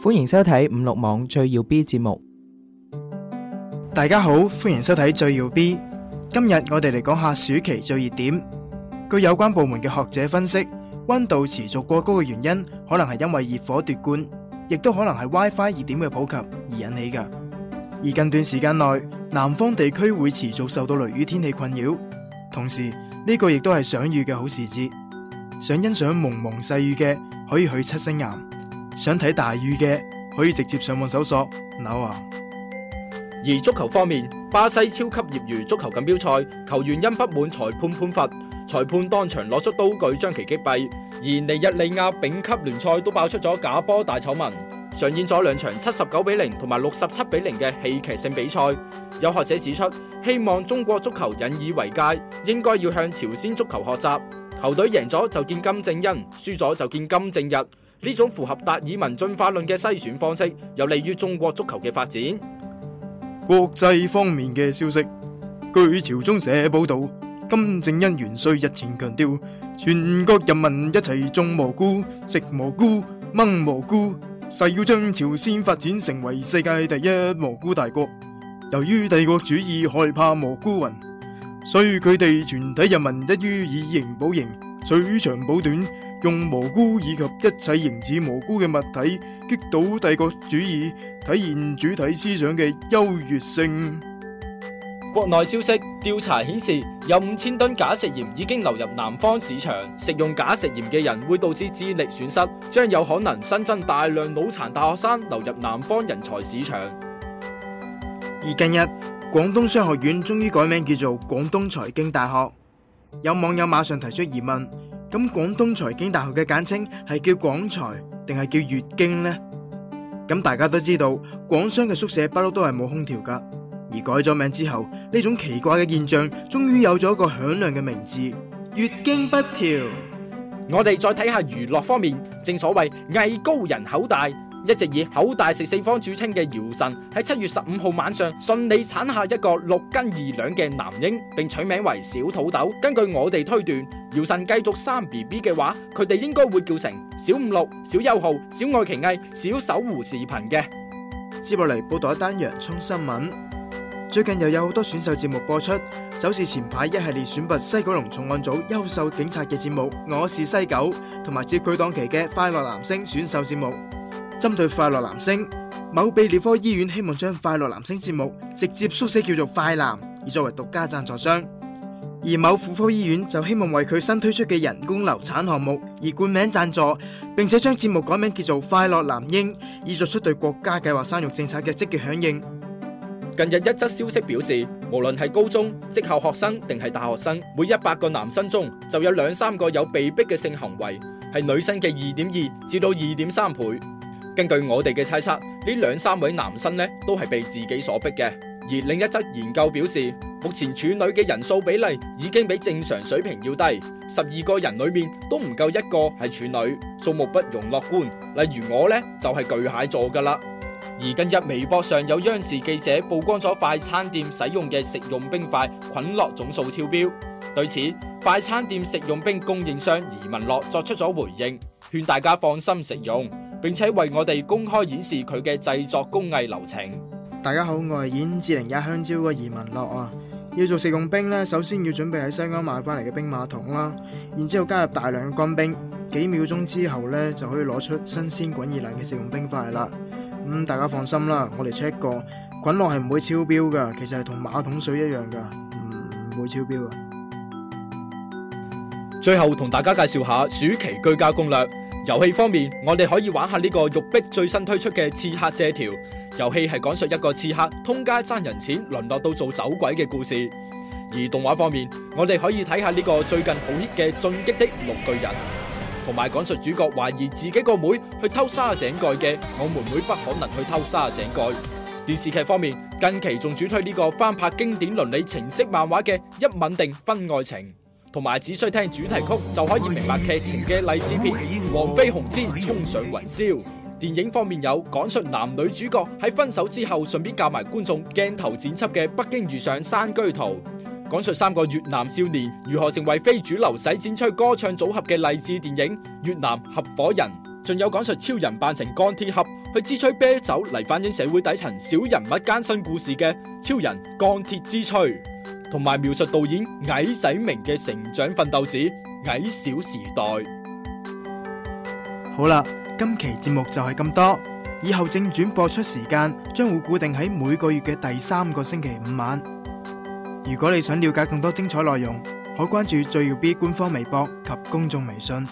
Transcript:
歡迎收睇五六網最耀 B 節目。大家好，歡迎收睇最耀 B。今日我哋嚟講下暑期最熱點。據有關部門嘅學者分析，溫度持續過高嘅原因，可能係因為熱火奪冠，亦都可能係 WiFi 熱點嘅普及而引起嘅。而近段時間內，南方地區會持續受到雷雨天氣困擾。同時，呢個亦都係賞雨嘅好時節。想欣賞蒙蒙細，細雨嘅，可以去七星岩。想睇大雨嘅，可以直接上網搜索。Now！而足球方面，巴西超級業餘足球錦標賽球員因不滿裁判判罰，裁判當場攞出刀具將其擊斃。而尼日利亞丙，丙級聯賽都爆出咗假波大醜聞，上演咗兩場七十九比零同埋六十七比零嘅戲劇性比賽。有學者指出，希望中國足球引以為戒，應該要向朝鮮足球學習。球隊贏咗就見金正恩，輸咗就見金正日。呢種符合達爾文進化論嘅篩選方式，有利於中國足球嘅發展。國際方面嘅消息，據朝中社報道，金正恩元帥日前強調，全國人民一齊種蘑菇、食蘑菇、掹蘑菇，誓要將朝鮮發展成為世界第一蘑菇大國。由於帝國主義害怕蘑菇雲，所以佢哋全體人民一於以形補形，取長補短。用蘑菇以及一切形似蘑菇嘅物體擊倒帝國主義，體現主體思想嘅優越性。國內消息，調查顯示，有五千噸假食鹽已經流入南方市場，食用假食鹽嘅人會導致智力損失，將有可能新增大量腦殘大學生流入南方人才市場。而近日，廣東商學院終於改名叫做廣東財經大學，有網友馬上提出疑問。咁廣東財經大學嘅簡稱係叫廣財，定係叫月經呢？咁大家都知道，廣商嘅宿舍不嬲都係冇空調噶。而改咗名之後，呢種奇怪嘅現象終於有咗一個響亮嘅名字——月經不調。我哋再睇下娛樂方面，正所謂藝高人口大。一直以口大食四方著稱嘅姚晨喺七月十五號晚上順利產下一個六斤二兩嘅男嬰，並取名為小土豆。根據我哋推斷，姚晨繼續生 B B 嘅話，佢哋應該會叫成小五六、小優號、小愛奇藝、小搜狐視頻嘅。接落嚟報道一單洋葱新聞，最近又有好多選秀節目播出，就是前排一系列選拔西九龍重案組優秀警察嘅節目《我是西九》，同埋接佢檔期嘅《快樂男聲》選秀節目。針對快樂男聲，某泌尿科醫院希望將快樂男聲節目直接縮寫叫做快男，而作為獨家贊助商；而某婦科醫院就希望為佢新推出嘅人工流產項目而冠名贊助，並且將節目改名叫做快樂男嬰，以作出對國家計劃生育政策嘅積極響應。近日一則消息表示，無論係高中、職校學生定係大學生，每一百個男生中就有兩三個有被逼嘅性行為，係女生嘅二點二至到二點三倍。根據我哋嘅猜測，呢兩三位男生呢都係被自己所逼嘅。而另一則研究表示，目前處女嘅人數比例已經比正常水平要低。十二個人裏面都唔夠一個係處女，數目不容樂觀，例如我呢，就係巨蟹座㗎喇。而近日微博上有央視記者曝光咗快餐店使用嘅食用冰塊菌落總數超標。對此，快餐店食用冰供應商移民樂作出咗回應，勸大家放心食用。並且為我哋公開演示佢嘅製作工藝流程。大家好，我係演《志玲也香蕉》嘅移民樂啊！要做食用冰咧，首先要準備喺西安買翻嚟嘅兵馬桶啦，然之後加入大量嘅乾冰，幾秒鐘之後咧，就可以攞出新鮮滾熱冷嘅食用冰塊啦。咁、嗯、大家放心啦，我哋 check 過，滾落係唔會超標噶，其實係同馬桶水一樣噶，唔、嗯、會超標啊。最後同大家介紹下暑期居家攻略。遊戲方面，我哋可以玩下呢個育碧最新推出嘅《刺客借條》遊戲，係講述一個刺客通街爭人錢，淪落到做走鬼嘅故事。而動畫方面，我哋可以睇下呢個最近好 hit 嘅《進擊的六巨人》，同埋講述主角懷疑自己個妹去偷沙井蓋嘅，我妹妹不可能去偷沙井蓋。電視劇方面，近期仲主推呢個翻拍經典倫理情色漫畫嘅《一吻定婚愛情》。同埋只需聽主題曲就可以明白劇情嘅勵志片《黃飛鴻之沖上雲霄》。電影方面有講述男女主角喺分手之後，順便教埋觀眾鏡頭剪輯嘅《北京遇上山居圖》；講述三個越南少年如何成為非主流洗剪吹歌唱組合嘅勵志電影《越南合夥人》；仲有講述超人扮成鋼鐵俠去支吹啤酒嚟反映社會底層小人物艱辛故事嘅《超人鋼鐵之吹》。同埋描述導演矮仔明嘅成長奮鬥史《矮小時代》。好啦，今期節目就係咁多。以後正轉播出時間將會固定喺每個月嘅第三個星期五晚。如果你想了解更多精彩內容，可關注最耀 B 官方微博及公眾微信。